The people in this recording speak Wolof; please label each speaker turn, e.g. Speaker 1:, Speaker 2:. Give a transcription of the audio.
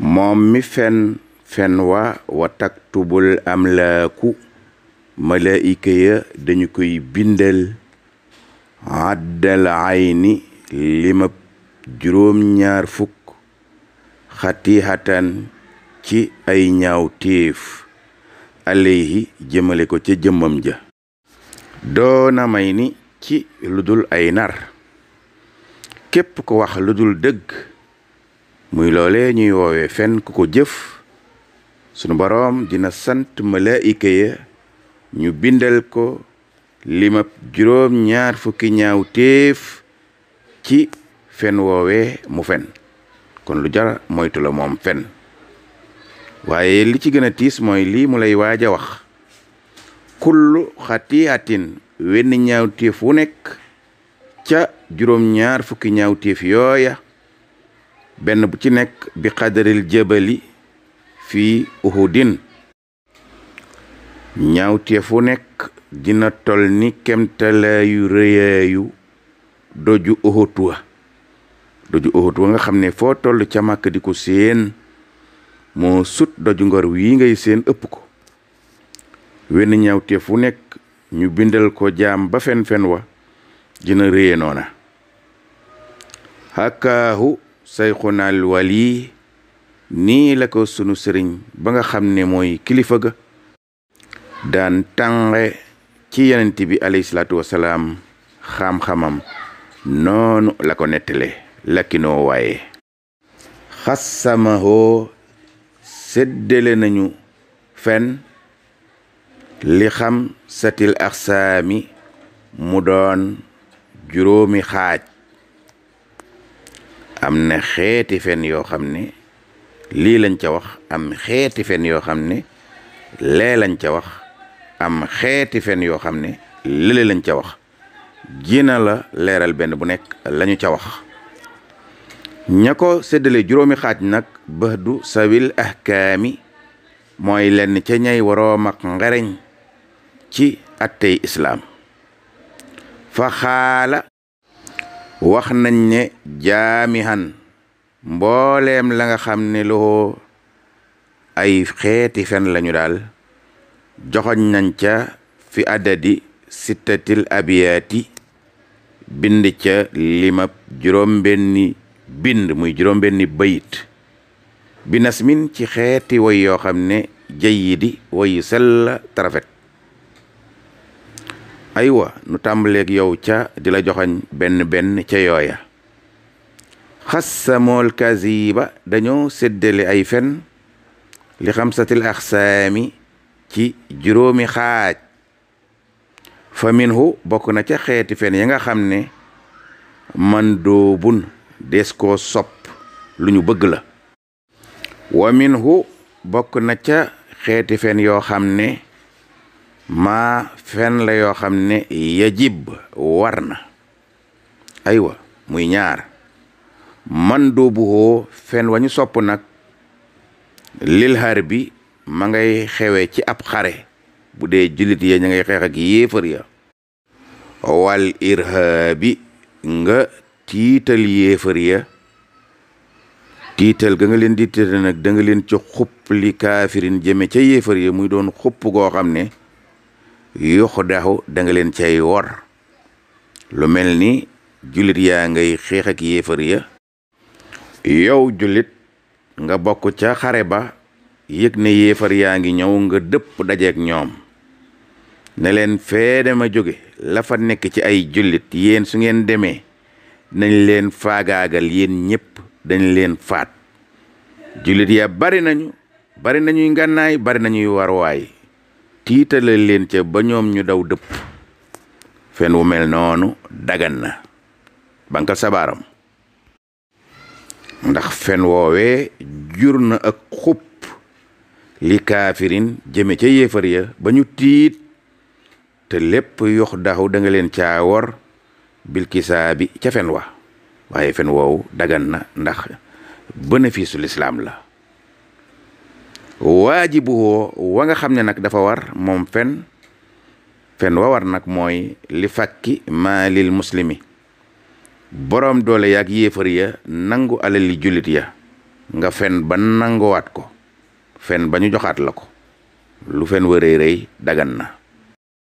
Speaker 1: moom mi fen fen wa wa taktubul amlaaku malaayika ya dañu koy bindal àddal ni limab juróom-ñaar fukk xatixatan ci ay ñaaw téef alayhi jëmale ko ca jëmmam ja doona ni ci lu dul ay nar képp ko wax lu dul dëgg muy loole ñuy woowee fenn ku ko jëf sunu boroom dina sant malaayika ya ñu bindal ko limab juróom ñaar fukki ñaaw ci fenn woowe mu fen kon lu jar moytu la moom fen waaye li ci gën a tiis mooy lii mu lay waaj a wax kullu xatiatin wenn ñaaw wu nekk ca juróom ñaar fukki ñaaw yooya benn bu ci nekk bi xadaril jabali fii uhudin ñaawteefu nekk dina tol ni kemtalaayu rëyaayu doju uhud wa doju uhud wa nga xam ne foo toll ca màkk di moo sut doju ngor wii ngay séen ëpp ko wenn ñawte ñaawteefu nekk ñu bindal ko jaam ba fen-fen wa dina rëye noona sayxuna al wali nii la sunu sëriñ ba nga xam ne mooy kilifa ga daan tànge ci yonent bi alayhi salaatu wasalaam xam-xamam noonu lako ko nettale lakkinoo waaye xassamahoo séddale nañu fen li xam satil axsaami mu doon juróomi xaaj am na xeeti fen yoo xam ne lii lañ ca wax am xeeti fen yoo xam ne lee lañ ca wax am xeeti fen yoo xam ne lële lañ ca wax jina la leeral benn bu nekk lañu ca wax ña ko seddale juróomi xaaj nag bahdu sawil ahkaami mooy lenn ca ñay waroom ak ngareñ ci attey islaam fa xaala wax nañ ne jaamihan mboolem la nga xam ne loo ay xeeti fen lañu daal joxoñ nañ ca fi adadi sittatil abiyaati bind ca limab juróom-benni bind muy juróom-benni bayit bi nasmin ci xeeti woy yoo xam ne jayidi woyu sell tarafet aywa nu tàmbaleeg yow ca di la joxoñ benn benn ca yooya xassamool kaziba dañoo seddale ay fen li xamsatil axsaami ci juróomi xaaj fa minhu bokk na ca xeeti fen ya nga xam ne man doobun des ko sopp lu ñu bëgg la wa minhu bokk na ca xeeti fen yoo xam ne maa fen la yoo xam ne yajib war na aywa muy ñaar man doobuhoo fen wañu sopp nag lil xar bi ma ngay xewee ci ab xare bu dee jullit ya ña ngay xeex ak yéefar ya wal irhaabi nga tiital yéefar ya tiital ga nga leen di tiital nag da leen ci xupp li kaafirin jëme ca yéefar ya muy doon xupp goo xam ne yuxu daxu danga leen cay wor lu mel ni jullit yaa ngay xeex ak yéefar ya yow jullit nga bokk ca xare ba yëg ne yéefar yaa ngi ñëw nga dëpp dajeek ñoom ne leen fee dama jóge la fa nekk ci ay jullit yéen su ngeen demee nañ leen faagaagal yéen ñépp dañ leen faat jullit ya bari nañu bari nañuy gànnaay bari nañuy waruwaay tiitale leen ca ba ñoom ñu daw dëpp fen wu mel noonu dagan na banka sabaaram ndax fen woowee jur na ak xub li kaafirin jëme ca yéefar ya ba ñu tiit te lépp yox daxu danga leen caa wor bilkisaa ca fen wa waaye fen woowu dagan na ndax bénéfice u lislaam la waajibuhoo wa nga xam ne nag dafa war moom fen fen wa war nag mooy li fakki maalil muslimi boroom doole yaag yéefar ya nangu alali jullit ya nga fen ba nanguwaat ko fen ba ñu joxaat la ko lu fen wëree rëy dagan na